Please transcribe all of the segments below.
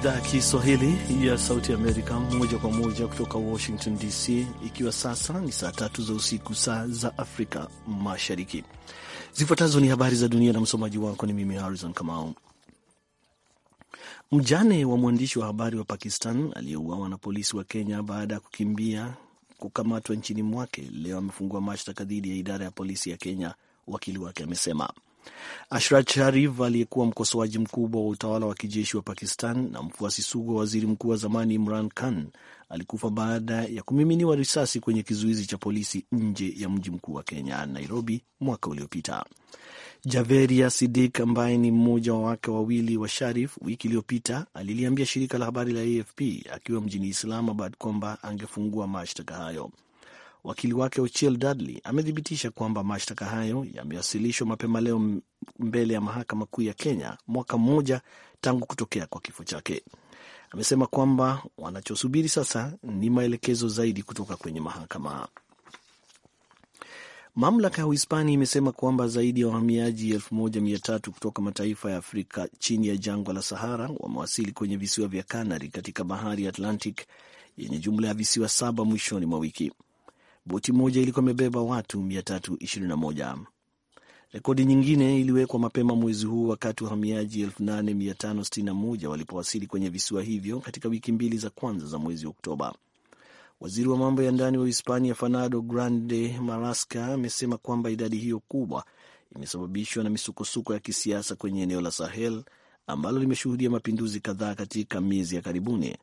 idhaa ya Kiswahili ya Sauti Amerika moja kwa moja kutoka Washington DC, ikiwa sasa ni saa tatu za usiku, saa za Afrika Mashariki. Zifuatazo ni habari za dunia na msomaji wako ni mimi Harrison Kamau. Mjane wa mwandishi wa habari wa Pakistan aliyeuawa na polisi wa Kenya baada ya kukimbia kukamatwa nchini mwake leo amefungua mashtaka dhidi ya idara ya polisi ya Kenya, wakili wake amesema. Ashraf Sharif aliyekuwa mkosoaji mkubwa wa utawala wa kijeshi wa Pakistan na mfuasi sugu wa waziri mkuu wa zamani Imran Khan alikufa baada ya kumiminiwa risasi kwenye kizuizi cha polisi nje ya mji mkuu wa Kenya, Nairobi, mwaka uliopita. Javeria Sidik ambaye ni mmoja wa wake wawili wa Sharif wiki iliyopita aliliambia shirika la habari la AFP akiwa mjini Islamabad kwamba angefungua mashtaka hayo. Wakili wake Ochiel Dudley amethibitisha kwamba mashtaka hayo yamewasilishwa mapema leo mbele ya mahakama kuu ya Kenya, mwaka mmoja tangu kutokea kwa kifo chake. Amesema kwamba wanachosubiri sasa ni maelekezo zaidi kutoka kwenye mahakama. Mamlaka ya uhispani imesema kwamba zaidi ya wahamiaji 1300 kutoka mataifa ya Afrika chini ya jangwa la Sahara wamewasili kwenye visiwa vya Kanari katika bahari ya Atlantic yenye jumla ya visiwa saba mwishoni mwa wiki. Boti moja ilikuwa imebeba watu 321. Rekodi nyingine iliwekwa mapema mwezi huu wakati wahamiaji 8561 walipowasili kwenye visiwa hivyo katika wiki mbili za kwanza za mwezi Oktoba. Waziri wa mambo ya ndani wa Hispania Fernando Grande marasca amesema kwamba idadi hiyo kubwa imesababishwa na misukosuko ya kisiasa kwenye eneo la Sahel ambalo limeshuhudia mapinduzi kadhaa katika miezi ya karibuni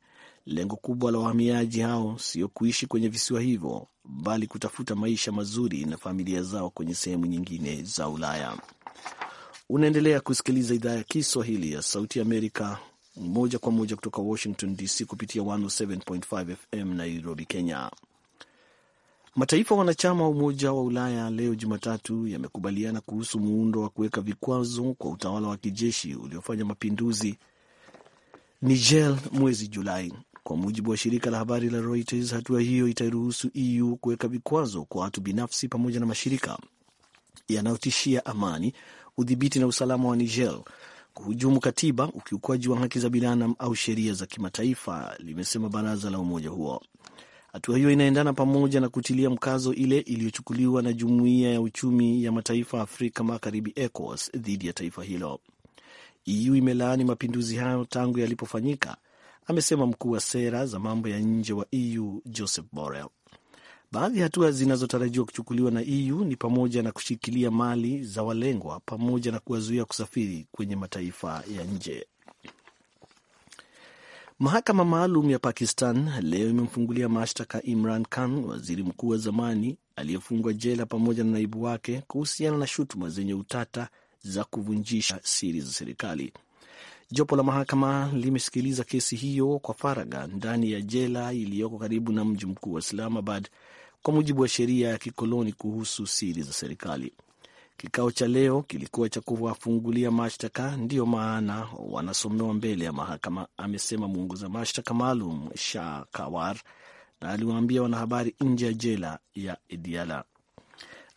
Lengo kubwa la wahamiaji hao sio kuishi kwenye visiwa hivyo, bali kutafuta maisha mazuri na familia zao kwenye sehemu nyingine za Ulaya. Unaendelea kusikiliza idhaa ya Kiswahili ya Sauti Amerika moja kwa moja kutoka Washington DC kupitia 107.5 FM Nairobi, Kenya. Mataifa wanachama wa Umoja wa Ulaya leo Jumatatu yamekubaliana kuhusu muundo wa kuweka vikwazo kwa utawala wa kijeshi uliofanya mapinduzi Niger mwezi Julai. Kwa mujibu wa shirika la habari la Reuters, hatua hiyo itairuhusu EU kuweka vikwazo kwa watu binafsi pamoja na mashirika yanayotishia amani, udhibiti na usalama wa Niger, kuhujumu katiba, ukiukwaji wa haki za binadamu au sheria za kimataifa, limesema baraza la umoja huo. Hatua hiyo inaendana pamoja na kutilia mkazo ile iliyochukuliwa na Jumuiya ya Uchumi ya Mataifa Afrika Magharibi, ECOWAS, dhidi ya taifa hilo. EU imelaani mapinduzi hayo tangu yalipofanyika amesema mkuu wa sera za mambo ya nje wa EU Joseph Borrell. Baadhi ya hatua zinazotarajiwa kuchukuliwa na EU ni pamoja na kushikilia mali za walengwa pamoja na kuwazuia kusafiri kwenye mataifa ya nje. Mahakama maalum ya Pakistan leo imemfungulia mashtaka Imran Khan, waziri mkuu wa zamani aliyefungwa jela pamoja na naibu wake, kuhusiana na shutuma zenye utata za kuvunjisha siri za serikali. Jopo la mahakama limesikiliza kesi hiyo kwa faragha ndani ya jela iliyoko karibu na mji mkuu wa Islamabad kwa mujibu wa sheria ya kikoloni kuhusu siri za serikali. Kikao cha leo kilikuwa cha kuwafungulia mashtaka, ndiyo maana wanasomewa mbele ya mahakama, amesema mwongoza mashtaka maalum Shah Kawar, na aliwaambia wanahabari nje ya jela ya Ediala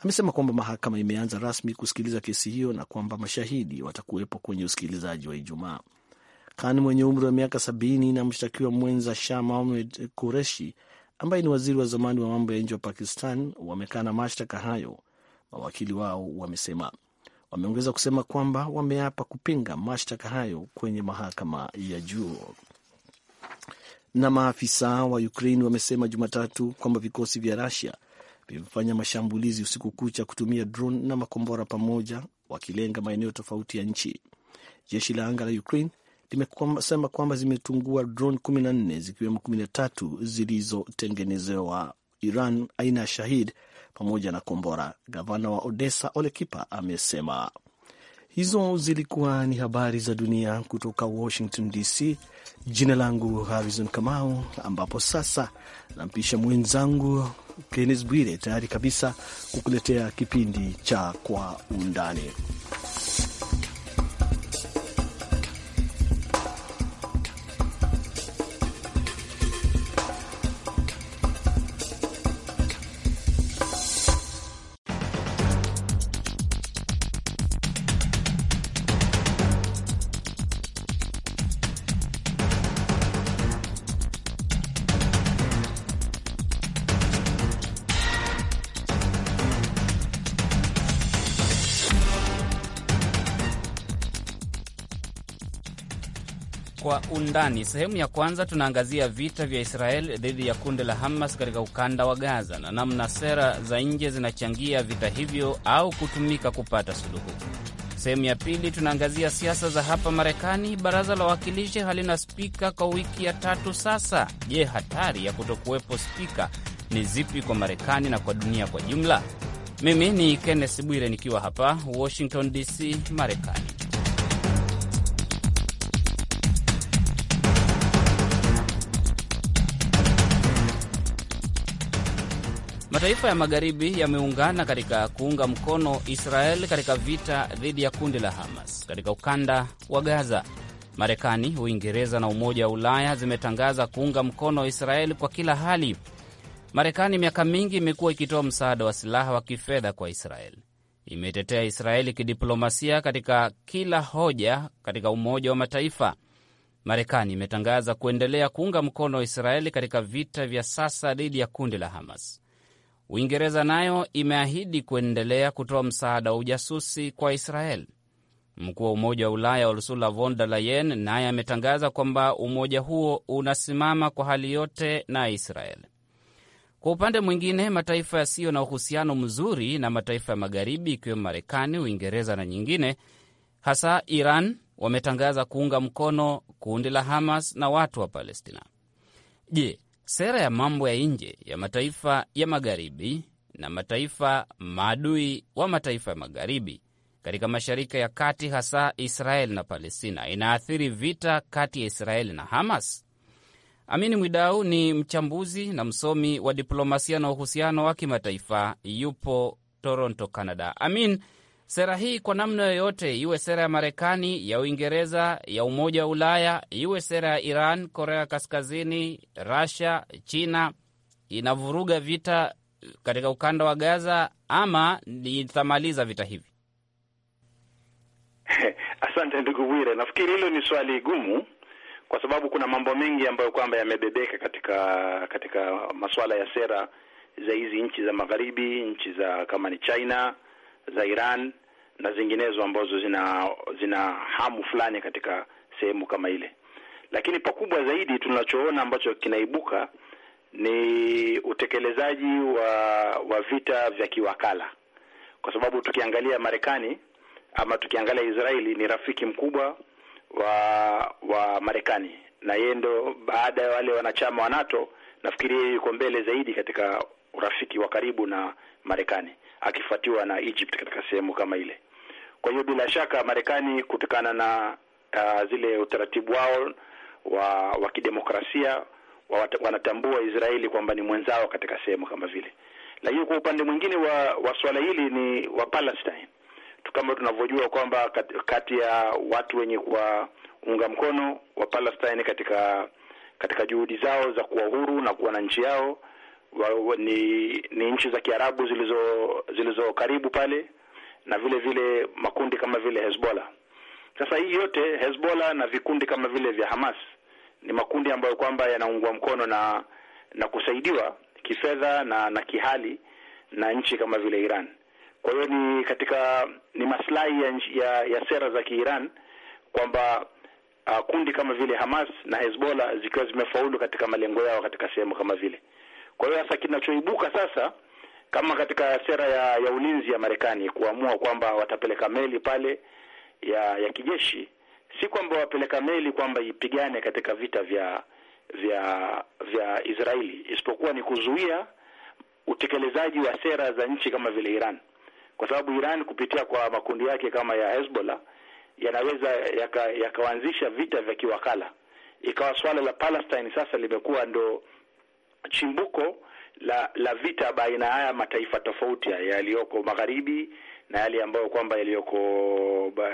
amesema kwamba mahakama imeanza rasmi kusikiliza kesi hiyo na kwamba mashahidi watakuwepo kwenye usikilizaji wa Ijumaa. Khan mwenye umri wa miaka sabini na mshtakiwa mwenza Shah Mahmud Kureshi ambaye ni waziri wa zamani wa mambo ya nje wa Pakistan wamekana mashtaka hayo, mawakili wao wamesema. Wameongeza kusema kwamba wameapa kupinga mashtaka hayo kwenye mahakama ya juu. Na maafisa wa Ukraine wamesema Jumatatu kwamba vikosi vya Rusia vimefanya mashambulizi usiku kucha kutumia drone na makombora pamoja, wakilenga maeneo tofauti ya nchi. Jeshi la anga la Ukraine limesema kwamba zimetungua drone kumi na nne zikiwemo kumi na tatu zilizotengenezewa Iran aina ya Shahid pamoja na kombora. Gavana wa Odessa Olekipa amesema Hizo zilikuwa ni habari za dunia kutoka Washington DC. Jina langu Harrison Kamau, ambapo sasa nampisha mwenzangu Kennes Bwire tayari kabisa kukuletea kipindi cha Kwa Undani. undani. Sehemu ya kwanza tunaangazia vita vya Israel dhidi ya kundi la Hamas katika ukanda wa Gaza na namna sera za nje zinachangia vita hivyo au kutumika kupata suluhu. Sehemu ya pili tunaangazia siasa za hapa Marekani. Baraza la Wawakilishi halina spika kwa wiki ya tatu sasa. Je, hatari ya kutokuwepo spika ni zipi kwa Marekani na kwa dunia kwa jumla? Mimi ni Kenneth Bwire nikiwa hapa Washington DC, Marekani. Mataifa ya magharibi yameungana katika kuunga mkono Israel katika vita dhidi ya kundi la Hamas katika ukanda wa Gaza. Marekani, Uingereza na Umoja wa Ulaya zimetangaza kuunga mkono Israel kwa kila hali. Marekani miaka mingi imekuwa ikitoa msaada wa silaha wa kifedha kwa Israel, imetetea Israeli kidiplomasia katika kila hoja katika Umoja wa Mataifa. Marekani imetangaza kuendelea kuunga mkono Israeli katika vita vya sasa dhidi ya kundi la Hamas. Uingereza nayo imeahidi kuendelea kutoa msaada wa ujasusi kwa Israel. Mkuu wa Umoja wa Ulaya Ursula von der Leyen naye ametangaza kwamba umoja huo unasimama kwa hali yote na Israel. Kwa upande mwingine, mataifa yasiyo na uhusiano mzuri na mataifa ya Magharibi, ikiwemo Marekani, Uingereza na nyingine, hasa Iran, wametangaza kuunga mkono kundi la Hamas na watu wa Palestina. Je, Sera ya mambo ya nje ya mataifa ya magharibi na mataifa maadui wa mataifa ya magharibi katika mashariki ya kati, hasa Israel na Palestina, inaathiri vita kati ya Israeli na Hamas. Amini Mwidau ni mchambuzi na msomi wa diplomasia na uhusiano wa kimataifa, yupo Toronto, Canada. Amin, Sera hii kwa namna yoyote, iwe sera ya Marekani, ya Uingereza, ya Umoja wa Ulaya, iwe sera ya Iran, Korea Kaskazini, rasia China, inavuruga vita katika ukanda wa Gaza ama itamaliza vita hivi? Asante ndugu Bwire, nafikiri hilo ni swali gumu kwa sababu kuna mambo mengi ambayo kwamba yamebebeka katika katika masuala ya sera za hizi nchi za magharibi, nchi za kama ni China za Iran na zinginezo ambazo zina zina hamu fulani katika sehemu kama ile. Lakini pakubwa zaidi tunachoona ambacho kinaibuka ni utekelezaji wa wa vita vya kiwakala, kwa sababu tukiangalia Marekani ama tukiangalia Israeli ni rafiki mkubwa wa wa Marekani, na yeye ndo baada ya wale wanachama wa NATO nafikiri yeye yuko mbele zaidi katika urafiki wa karibu na Marekani akifuatiwa na Egypt katika sehemu kama ile. Kwa hiyo bila shaka Marekani kutokana na uh, zile utaratibu wao wa wa kidemokrasia wa, wanatambua Israeli kwamba ni mwenzao katika sehemu kama vile. Lakini kwa upande mwingine wa, wa swala hili ni wa Palestine, kama tunavyojua kwamba kati ya watu wenye kuwaunga mkono wa Palestine katika katika juhudi zao za kuwa huru na kuwa na nchi yao wa, wa, ni, ni nchi za Kiarabu zilizo zilizo karibu pale na vile vile makundi kama vile Hezbollah. Sasa hii yote Hezbollah na vikundi kama vile vya Hamas ni makundi ambayo kwamba yanaungwa mkono na na kusaidiwa kifedha na na kihali na nchi kama vile Iran. Kwa hiyo ni katika ni maslahi ya, ya, ya sera za Kiiran kwamba uh, kundi kama vile Hamas na Hezbollah zikiwa zimefaulu katika malengo yao katika sehemu kama vile. Kwa hiyo sasa kinachoibuka sasa kama katika sera ya, ya ulinzi ya Marekani kuamua kwamba watapeleka meli pale ya ya kijeshi, si kwamba wapeleka meli kwamba ipigane katika vita vya vya vya Israeli, isipokuwa ni kuzuia utekelezaji wa sera za nchi kama vile Iran, kwa sababu Iran kupitia kwa makundi yake kama ya Hezbollah yanaweza yakaanzisha yaka vita vya kiwakala, ikawa swala la Palestine sasa limekuwa ndo chimbuko la la vita baina haya mataifa tofauti yaliyoko magharibi na yale ambayo kwamba yaliyoko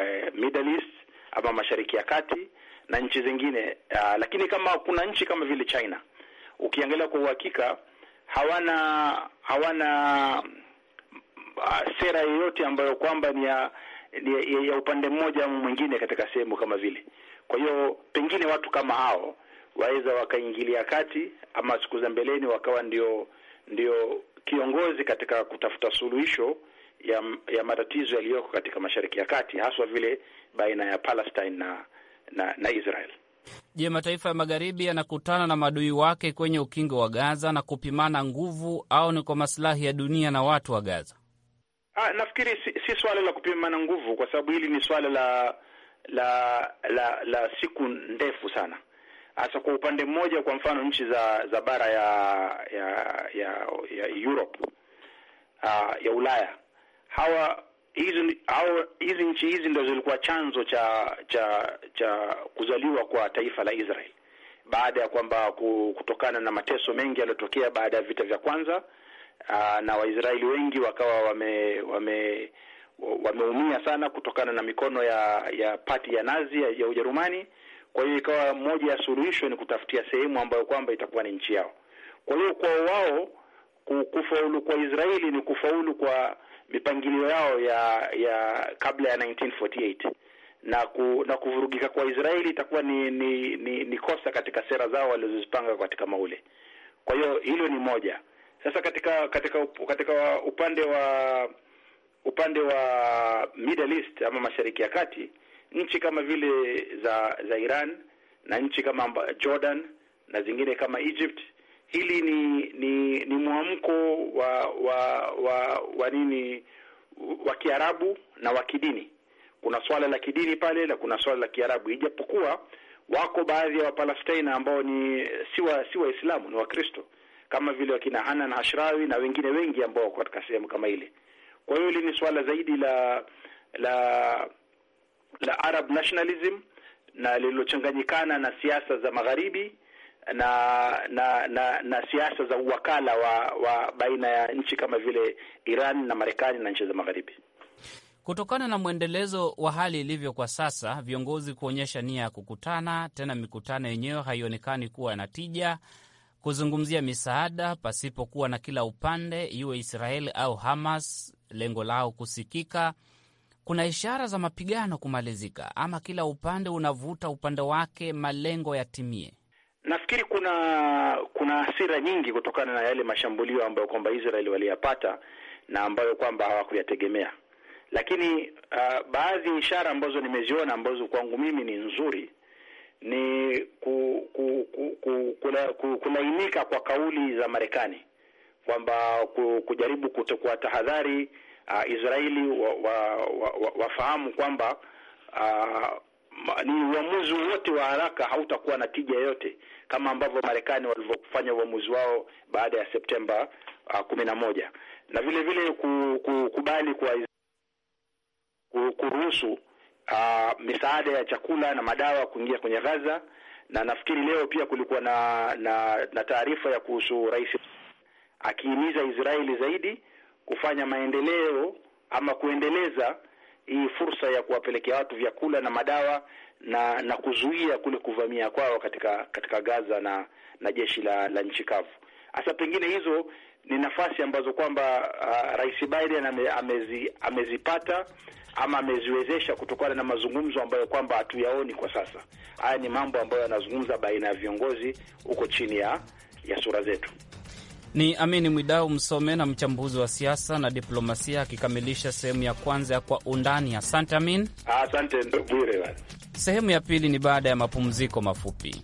eh, Middle East ama Mashariki ya Kati na nchi zingine. Uh, lakini kama kuna nchi kama vile China ukiangalia kwa uhakika hawana hawana uh, sera yoyote ambayo kwamba ni ya, ni ya upande mmoja au mwingine katika sehemu kama vile. Kwa hiyo pengine watu kama hao waweza wakaingilia kati ama siku za mbeleni wakawa ndio ndio kiongozi katika kutafuta suluhisho ya, ya matatizo yaliyoko katika Mashariki ya Kati haswa vile baina ya Palestine na, na, na Israel. Je, mataifa ya magharibi yanakutana na maadui wake kwenye ukingo wa Gaza na kupimana nguvu au ni kwa masilahi ya dunia na watu wa Gaza? Ha, ah, nafikiri si, si swala la kupimana nguvu kwa sababu hili ni swala la la la, la siku ndefu sana hasa kwa upande mmoja, kwa mfano nchi za za bara ya ya ya, ya Europe uh, ya Ulaya hawa hizi hawa, hizi nchi hizi ndo zilikuwa chanzo cha cha cha kuzaliwa kwa taifa la Israel baada ya kwamba kutokana na mateso mengi yaliyotokea baada ya vita vya kwanza uh, na Waisraeli wengi wakawa wame wame wameumia sana kutokana na mikono ya ya pati ya Nazi ya, ya Ujerumani kwa hiyo ikawa moja ya suluhisho ni kutafutia sehemu ambayo kwamba itakuwa ni nchi yao. Kwa hiyo kwao wao kufaulu kwa Israeli ni kufaulu kwa mipangilio yao ya ya kabla ya 1948 na ku, na kuvurugika kwa Israeli itakuwa ni ni, ni ni kosa katika sera zao walizozipanga katika maule. Kwa hiyo hilo ni moja. Sasa katika katika katika upande wa upande wa Middle East ama Mashariki ya Kati nchi kama vile za za Iran na nchi kama Jordan na zingine kama Egypt. Hili ni ni, ni mwamko wa wa wa wa nini wa Kiarabu na wa kidini. Kuna swala la kidini pale na kuna swala la Kiarabu, ijapokuwa wako baadhi ya Wapalestina ambao ni si wa si Waislamu, ni Wakristo kama vile wakina Hanan Hashrawi na wengine wengi ambao wako katika sehemu kama ile. Kwa hiyo hili ni swala zaidi la la la Arab nationalism na lililochanganyikana na siasa za magharibi na na na, na siasa za uwakala wa, wa baina ya nchi kama vile Iran na Marekani na nchi za magharibi. Kutokana na mwendelezo wa hali ilivyo kwa sasa, viongozi kuonyesha nia ya kukutana tena, mikutano yenyewe haionekani kuwa na tija, kuzungumzia misaada pasipokuwa na kila upande, iwe Israel au Hamas, lengo lao kusikika kuna ishara za mapigano kumalizika, ama kila upande unavuta upande wake malengo yatimie? Nafikiri kuna kuna hasira nyingi kutokana na yale mashambulio ambayo kwamba Israeli waliyapata na ambayo kwamba hawakuyategemea, lakini uh, baadhi ya ishara ambazo nimeziona ambazo kwangu mimi ni nzuri ni ku, ku, ku, ku, ku, ku, kulainika kwa kauli za Marekani kwamba ku, kujaribu kutokuwa tahadhari uh, Israeli wafahamu wa, wa, wa kwamba uh, ni uamuzi wote wa haraka hautakuwa na tija yote kama ambavyo Marekani walivyofanya uamuzi wao baada ya Septemba uh, kumi na moja na vile vile kukubali kwa kuruhusu uh, misaada ya chakula na madawa kuingia kwenye Gaza, na nafikiri leo pia kulikuwa na na, na taarifa ya kuhusu rais akihimiza Israeli zaidi kufanya maendeleo ama kuendeleza hii fursa ya kuwapelekea watu vyakula na madawa na na kuzuia kule kuvamia kwao katika katika Gaza na na jeshi la la nchi kavu. Hasa pengine hizo ni nafasi ambazo kwamba uh, Rais Biden ame, amezi, amezipata ama ameziwezesha kutokana na mazungumzo ambayo kwamba hatuyaoni kwa sasa. Haya ni mambo ambayo yanazungumza baina ya viongozi huko chini ya ya sura zetu. Ni Amini Mwidau, msome na mchambuzi wa siasa na diplomasia, akikamilisha sehemu ya kwanza ya Kwa Undani. Asante Amin. Asante Bwire. Sehemu ya pili ni baada ya mapumziko mafupi.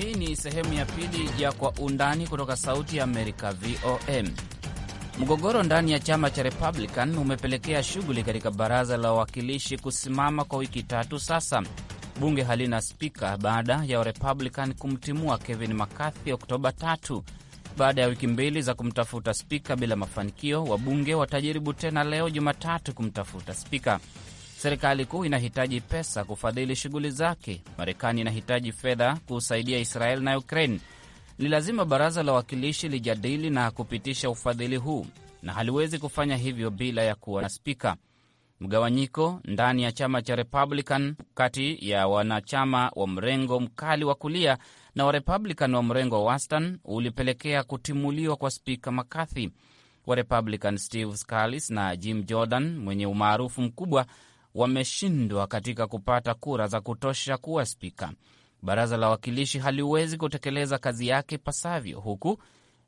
Hii ni sehemu ya pili ya Kwa Undani kutoka Sauti ya Amerika, VOM. Mgogoro ndani ya chama cha Republican umepelekea shughuli katika baraza la wawakilishi kusimama kwa wiki tatu sasa. Bunge halina spika baada ya Republican kumtimua Kevin McCarthy Oktoba tatu. Baada ya wiki mbili za kumtafuta spika bila mafanikio, wabunge watajaribu tena leo Jumatatu kumtafuta spika. Serikali kuu inahitaji pesa kufadhili shughuli zake. Marekani inahitaji fedha kusaidia Israel na Ukraine ni lazima baraza la wawakilishi lijadili na kupitisha ufadhili huu, na haliwezi kufanya hivyo bila ya kuwa na spika. Mgawanyiko ndani ya chama cha Republican kati ya wanachama wa mrengo mkali wa kulia na Warepublican wa mrengo wa wastani ulipelekea kutimuliwa kwa spika McCarthy. Warepublican Steve Scalise na Jim Jordan mwenye umaarufu mkubwa wameshindwa katika kupata kura za kutosha kuwa spika baraza la wawakilishi haliwezi kutekeleza kazi yake pasavyo, huku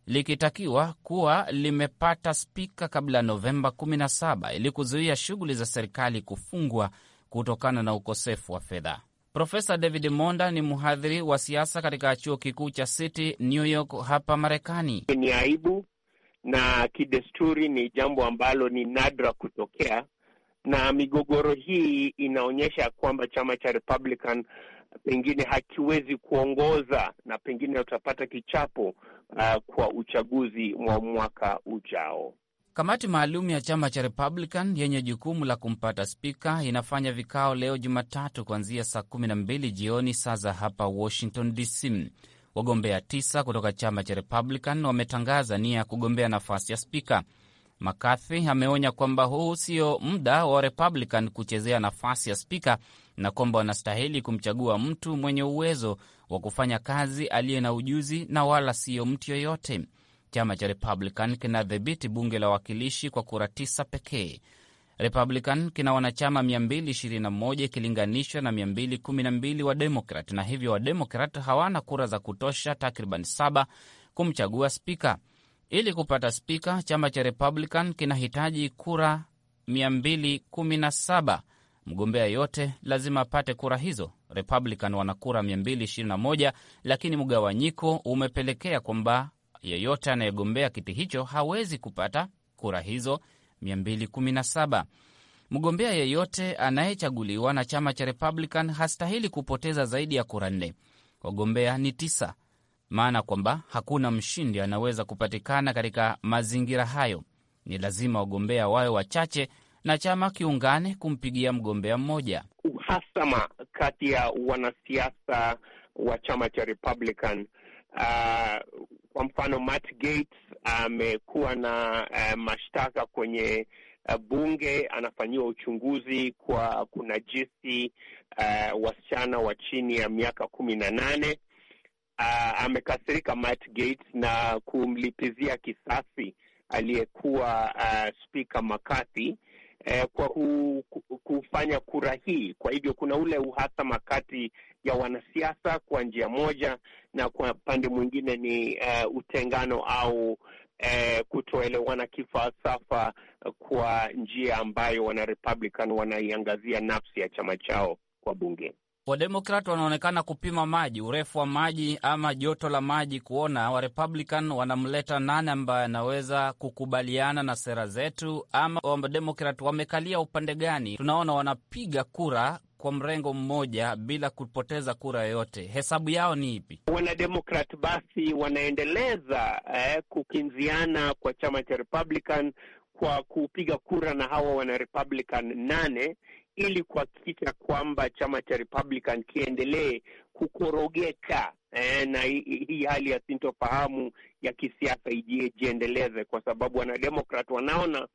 likitakiwa kuwa limepata spika kabla ya Novemba 17 ili kuzuia shughuli za serikali kufungwa kutokana na ukosefu wa fedha. Profesa David Monda ni mhadhiri wa siasa katika chuo kikuu cha City New York hapa Marekani. Ni aibu na kidesturi, ni jambo ambalo ni nadra kutokea, na migogoro hii inaonyesha kwamba chama cha Republican pengine hakiwezi kuongoza na pengine utapata kichapo uh, kwa uchaguzi wa mwaka ujao. Kamati maalum ya chama cha Republican yenye jukumu la kumpata spika inafanya vikao leo Jumatatu kuanzia saa kumi na mbili jioni saa za hapa Washington DC. Wagombea tisa kutoka chama cha Republican wametangaza nia ya kugombea nafasi ya spika. McCarthy ameonya kwamba huu sio muda wa Republican kuchezea nafasi ya spika na kwamba wanastahili kumchagua mtu mwenye uwezo wa kufanya kazi, aliye na ujuzi na wala siyo mtu yoyote. Chama cha Republican kinadhibiti bunge la wawakilishi kwa kura tisa pekee. Republican kina wanachama 221 ikilinganishwa na 212 wa Demokrat, na hivyo Wademokrat hawana kura za kutosha takriban saba kumchagua spika. Ili kupata spika, chama cha Republican kinahitaji kura 217. Mgombea yote lazima apate kura hizo. Republican wana kura 221, lakini mgawanyiko umepelekea kwamba yeyote anayegombea kiti hicho hawezi kupata kura hizo 217. Mgombea yeyote anayechaguliwa na chama cha Republican hastahili kupoteza zaidi ya kura nne. Wagombea ni tisa maana kwamba hakuna mshindi anaweza kupatikana katika mazingira hayo. Ni lazima wagombea wawe wachache na chama kiungane kumpigia mgombea mmoja. Uhasama kati ya wanasiasa wa chama cha Republican uh, kwa mfano Matt Gaetz amekuwa uh, na uh, mashtaka kwenye uh, bunge, anafanyiwa uchunguzi kwa kunajisi uh, wasichana wa chini ya miaka kumi na nane uh, amekasirika Matt na kumlipizia kisasi aliyekuwa uh, ah, spika McCarthy eh, kwa hu, kufanya kura hii. Kwa hivyo kuna ule uhasama kati ya wanasiasa kwa njia moja, na kwa pande mwingine ni uh, utengano au Eh, kutoelewana kifalsafa kwa njia ambayo wana Republican wanaiangazia nafsi ya chama chao kwa bunge. Wademokrat wanaonekana kupima maji, urefu wa maji ama joto la maji, kuona Warepublican wanamleta nani ambaye anaweza kukubaliana na sera zetu, ama Wademokrat wamekalia upande gani. Tunaona wanapiga kura kwa mrengo mmoja bila kupoteza kura yoyote. Hesabu yao ni ipi? Wanademokrat basi wanaendeleza eh, kukinziana kwa chama cha Republican kwa kupiga kura na hawa wanarepublican nane ili kuhakikisha kwamba chama cha Republican kiendelee kukorogeka eh, na hii hali ya sintofahamu ya kisiasa ijiendeleze, kwa sababu wanademokrat wanaona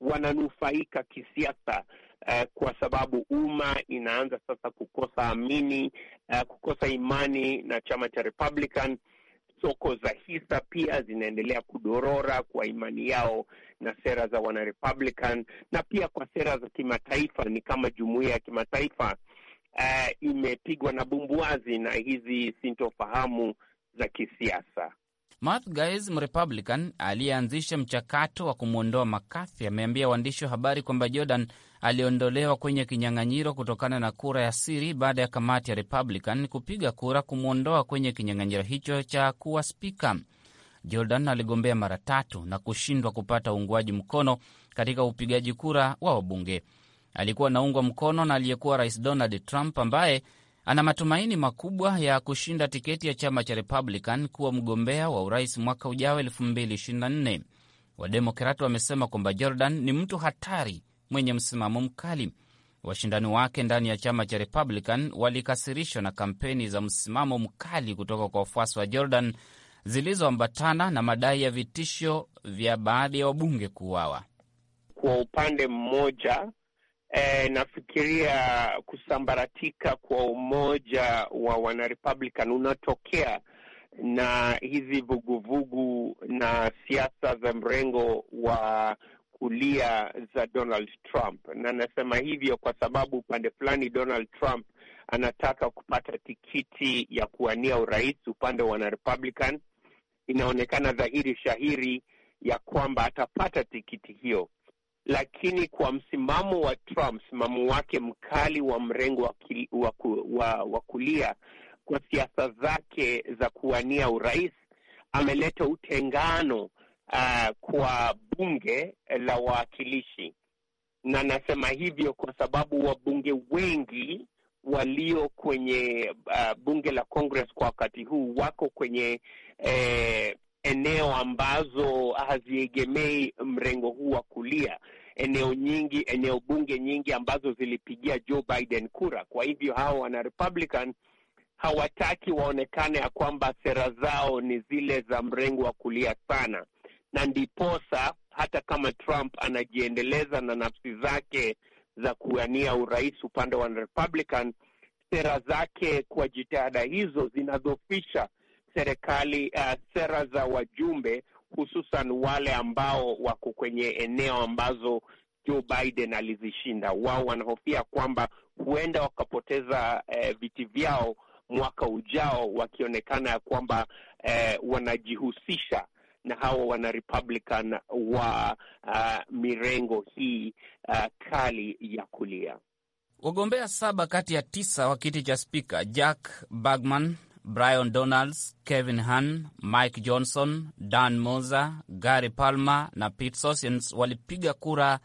wananufaika kisiasa eh, kwa sababu umma inaanza sasa kukosa amini eh, kukosa imani na chama cha Republican soko za hisa pia zinaendelea kudorora kwa imani yao na sera za wanarepublican na pia kwa sera za kimataifa. Ni kama jumuia ya kimataifa uh, imepigwa na bumbuazi na hizi sintofahamu za kisiasa. Matt Gaetz, Mrepublican aliyeanzisha mchakato wa kumwondoa McCarthy, ameambia waandishi wa habari kwamba Jordan aliondolewa kwenye kinyang'anyiro kutokana na kura ya siri baada ya kamati ya Republican kupiga kura kumwondoa kwenye kinyang'anyiro hicho cha kuwa spika. Jordan aligombea mara tatu na kushindwa kupata uungwaji mkono katika upigaji kura wa wabunge. Alikuwa anaungwa mkono na aliyekuwa rais Donald Trump ambaye ana matumaini makubwa ya kushinda tiketi ya chama cha Republican kuwa mgombea wa urais mwaka ujao 2024. Wademokrati wamesema kwamba Jordan ni mtu hatari mwenye msimamo mkali. Washindani wake ndani ya chama cha Republican walikasirishwa na kampeni za msimamo mkali kutoka kwa wafuasi wa Jordan zilizoambatana na madai ya vitisho vya baadhi ya wabunge kuuawa. Kwa upande mmoja eh, nafikiria kusambaratika kwa umoja wa wanarepublican unatokea na hizi vuguvugu na siasa za mrengo wa kulia za Donald Trump, na nasema hivyo kwa sababu upande fulani Donald Trump anataka kupata tikiti ya kuwania urais upande wa wanarepublican. Inaonekana dhahiri shahiri ya kwamba atapata tikiti hiyo, lakini kwa msimamo wa Trump, msimamo wake mkali wa mrengo wa, wa, wa, wa kulia kwa siasa zake za kuwania urais ameleta utengano uh, kwa bunge la wawakilishi, na nasema hivyo kwa sababu wabunge wengi walio kwenye uh, bunge la Congress kwa wakati huu wako kwenye eh, eneo ambazo haziegemei mrengo huu wa kulia eneo nyingi, eneo bunge nyingi ambazo zilipigia Joe Biden kura. Kwa hivyo hao wana Republican hawataki waonekane ya kwamba sera zao ni zile za mrengo wa kulia sana, na ndiposa hata kama Trump anajiendeleza na nafsi zake za kuwania urais upande wa Republican, sera zake kwa jitihada hizo zinadhofisha serikali uh, sera za wajumbe hususan wale ambao wako kwenye eneo ambazo Joe Biden alizishinda. Wao wanahofia kwamba huenda wakapoteza eh, viti vyao mwaka ujao, wakionekana ya kwamba eh, wanajihusisha na hawa wana Republican wa uh, mirengo hii uh, kali ya kulia. Wagombea saba kati ya tisa wa kiti cha spika Jack Bergman Brian Donalds, Kevin Han, Mike Johnson, Dan Moza, Gary Palmer na Pete Sessions walipiga kura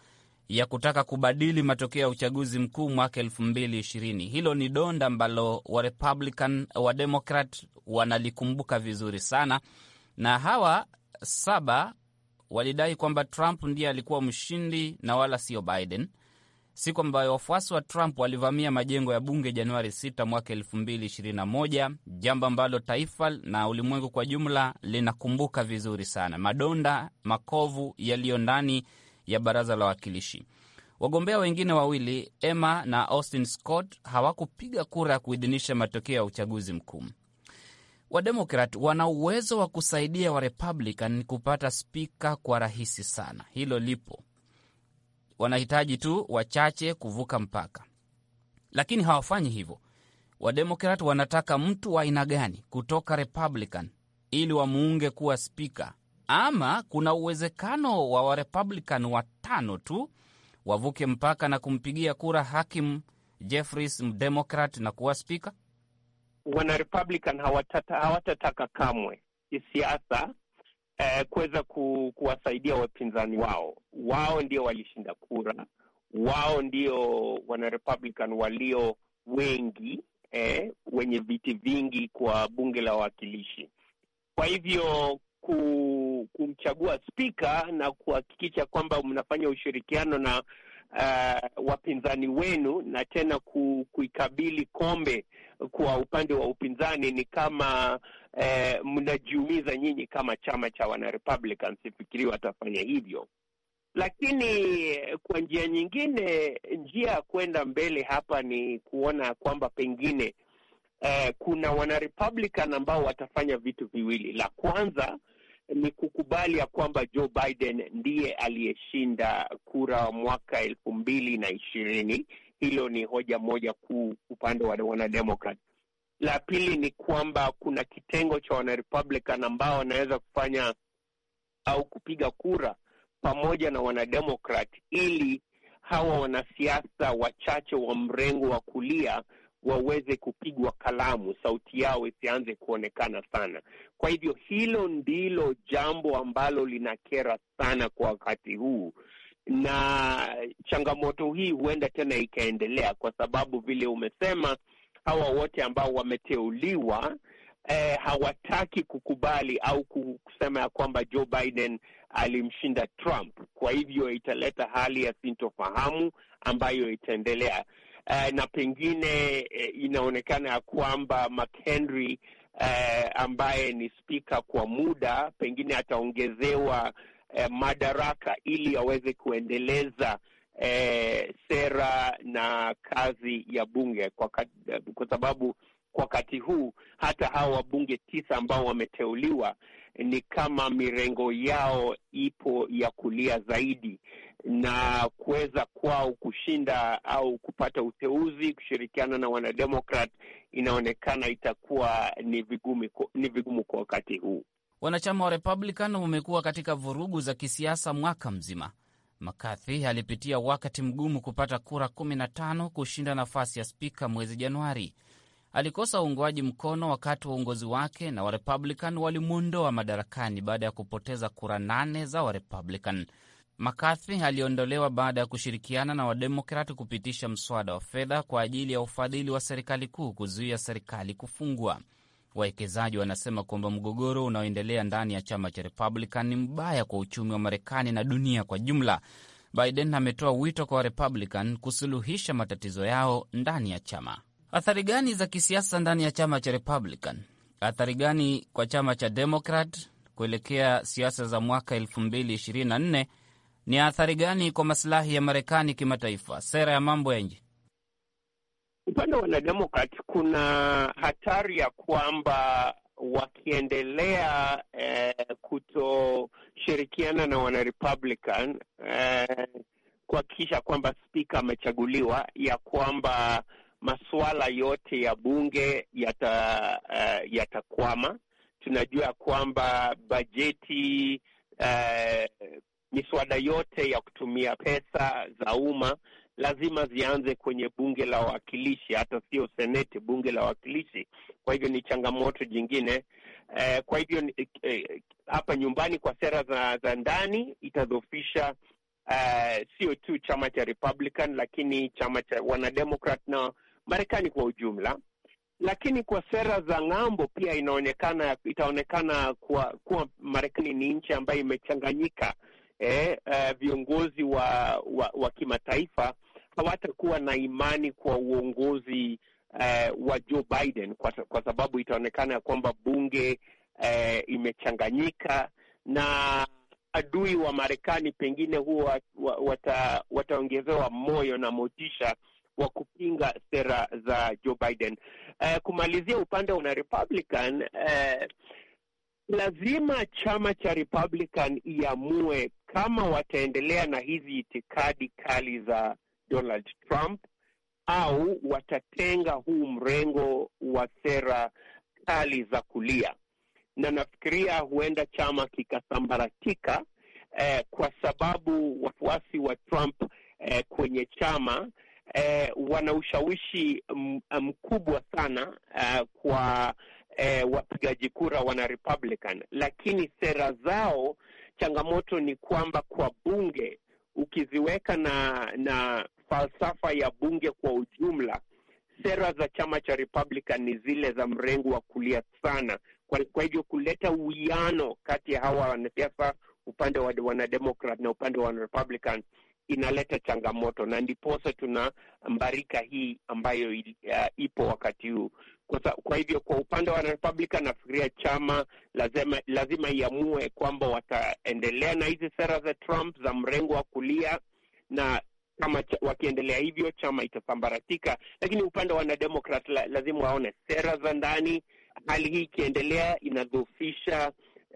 ya kutaka kubadili matokeo ya uchaguzi mkuu mwaka 2020. Hilo ni donda ambalo Warepublican, Wademokrat wanalikumbuka vizuri sana, na hawa saba walidai kwamba Trump ndiye alikuwa mshindi na wala sio Biden siku ambayo wafuasi wa Trump walivamia majengo ya bunge Januari 6 mwaka 2021, jambo ambalo taifa na ulimwengu kwa jumla linakumbuka vizuri sana. Madonda makovu yaliyo ndani ya baraza la wawakilishi. Wagombea wengine wawili Emma na Austin Scott hawakupiga kura ya kuidhinisha matokeo ya uchaguzi mkuu. Wademokrat wana uwezo wa kusaidia Warepublican kupata spika kwa rahisi sana, hilo lipo wanahitaji tu wachache kuvuka mpaka, lakini hawafanyi hivyo. Wademokrat wanataka mtu wa aina gani kutoka Republican ili wamuunge kuwa spika, ama kuna uwezekano wa Warepublican watano tu wavuke mpaka na kumpigia kura hakim Jeffries mdemokrat na kuwa spika. Wanarepublican hawatataka kamwe kisiasa eh, kuweza ku, kuwasaidia wapinzani wao. Wao ndio walishinda kura, wao ndio wana Republican walio wengi eh, wenye viti vingi kwa bunge la wawakilishi. Kwa hivyo kumchagua spika na kuhakikisha kwamba mnafanya ushirikiano na uh, wapinzani wenu na tena ku, kuikabili kombe kwa upande wa upinzani ni kama eh, mnajiumiza nyinyi kama chama cha wana Republicans watafanya hivyo, lakini eh, kwa njia nyingine, njia ya kwenda mbele hapa ni kuona kwamba pengine eh, kuna wana ambao watafanya vitu viwili. La kwanza ni kukubali ya kwamba Joe Biden ndiye aliyeshinda kura mwaka elfu mbili na ishirini hilo ni hoja moja kuu upande wa Wanademokrat. La pili ni kwamba kuna kitengo cha Wanarepublican ambao wanaweza kufanya au kupiga kura pamoja na Wanademokrat ili hawa wanasiasa wachache wa mrengo wa kulia waweze kupigwa kalamu, sauti yao isianze kuonekana sana. Kwa hivyo hilo ndilo jambo ambalo linakera sana kwa wakati huu, na changamoto hii huenda tena ikaendelea kwa sababu vile umesema, hawa wote ambao wameteuliwa eh, hawataki kukubali au kusema ya kwamba Joe Biden alimshinda Trump. Kwa hivyo italeta hali ya sintofahamu ambayo itaendelea eh, na pengine eh, inaonekana ya kwamba McHenry eh, ambaye ni spika kwa muda pengine ataongezewa eh, madaraka ili aweze kuendeleza eh, sera na kazi ya bunge kwa, kwa sababu kwa wakati huu hata hawa wabunge tisa ambao wameteuliwa ni kama mirengo yao ipo ya kulia zaidi, na kuweza kwao kushinda au kupata uteuzi, kushirikiana na wanademokrat, inaonekana itakuwa ni vigumu, ni vigumu kwa wakati huu. Wanachama wa Republican wamekuwa katika vurugu za kisiasa mwaka mzima. McCarthy alipitia wakati mgumu kupata kura 15 kushinda nafasi ya spika mwezi Januari. Alikosa uungwaji mkono wakati wa uongozi wake na Warepublican walimwondoa madarakani baada ya kupoteza kura nane za Warepublican. McCarthy aliondolewa baada ya kushirikiana na Wademokrati kupitisha mswada wa fedha kwa ajili ya ufadhili wa serikali kuu kuzuia serikali kufungwa. Wawekezaji wanasema kwamba mgogoro unaoendelea ndani ya chama cha Republican ni mbaya kwa uchumi wa Marekani na dunia kwa jumla. Biden ametoa wito kwa Warepublican kusuluhisha matatizo yao ndani ya chama. Athari gani za kisiasa ndani ya chama cha Republican? Athari gani kwa chama cha Democrat kuelekea siasa za mwaka 2024? Ni athari gani kwa masilahi ya Marekani kimataifa, sera ya mambo ya nje? upande wa wanademokrat kuna hatari ya kwamba wakiendelea eh, kutoshirikiana na wanarepublican eh, kuhakikisha kwamba spika amechaguliwa, ya kwamba masuala yote ya bunge yata, uh, yatakwama. Tunajua ya kwamba bajeti uh, miswada yote ya kutumia pesa za umma lazima zianze kwenye bunge la wawakilishi, hata sio seneti, bunge la wawakilishi. Kwa hivyo ni changamoto jingine. Eh, kwa hivyo eh, eh, hapa nyumbani kwa sera za, za ndani itadhofisha eh, sio tu chama cha Republican, lakini chama cha wanademokrat na Marekani kwa ujumla lakini kwa sera za ng'ambo pia inaonekana itaonekana kuwa, kuwa Marekani ni nchi ambayo imechanganyika eh, uh, viongozi wa wa, wa kimataifa hawatakuwa na imani kwa uongozi uh, wa Joe Biden kwa, kwa sababu itaonekana ya kwamba bunge uh, imechanganyika na adui wa Marekani pengine huwa wata, wataongezewa moyo na motisha wa kupinga sera za Joe Biden. Uh, kumalizia upande wa Republican uh, lazima chama cha Republican iamue kama wataendelea na hizi itikadi kali za Donald Trump au watatenga huu mrengo wa sera kali za kulia, na nafikiria huenda chama kikasambaratika eh, kwa sababu wafuasi wa Trump eh, kwenye chama eh, wana ushawishi mkubwa sana eh, kwa eh, wapigaji kura wana Republican, lakini sera zao changamoto ni kwamba kwa bunge ukiziweka na na falsafa ya bunge kwa ujumla, sera za chama cha Republican ni zile za mrengo wa kulia sana. Kwa, kwa hivyo kuleta uwiano kati ya hawa wanasiasa upande wa wanademokrat na upande wa wanarepublican inaleta changamoto, na ndiposa tuna mbarika hii ambayo uh, ipo wakati huu kwa, kwa hivyo kwa upande wa Republican nafikiria chama lazima, lazima iamue kwamba wataendelea na hizi sera za Trump za mrengo wa kulia na kama wakiendelea hivyo chama itasambaratika, lakini upande wa wanademokrat la, lazima waone sera za ndani. Hali hii ikiendelea inadhoofisha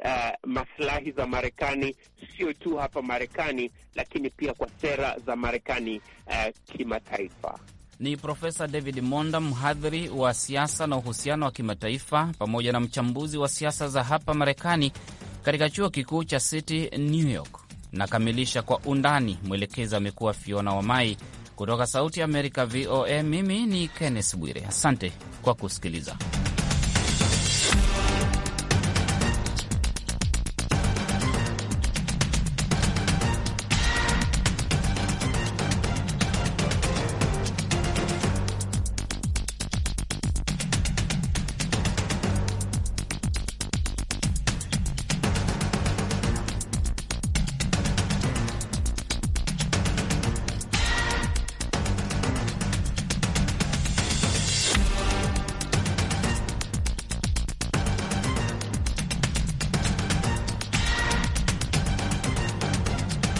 uh, maslahi za Marekani, sio tu hapa Marekani, lakini pia kwa sera za Marekani uh, kimataifa ni Profesa David Monda, mhadhiri wa siasa na uhusiano wa kimataifa pamoja na mchambuzi wa siasa za hapa Marekani katika chuo kikuu cha City New York. Nakamilisha kwa undani. Mwelekezi amekuwa Fiona wa mai kutoka Sauti ya Amerika, VOA. Mimi ni Kenneth Bwire, asante kwa kusikiliza.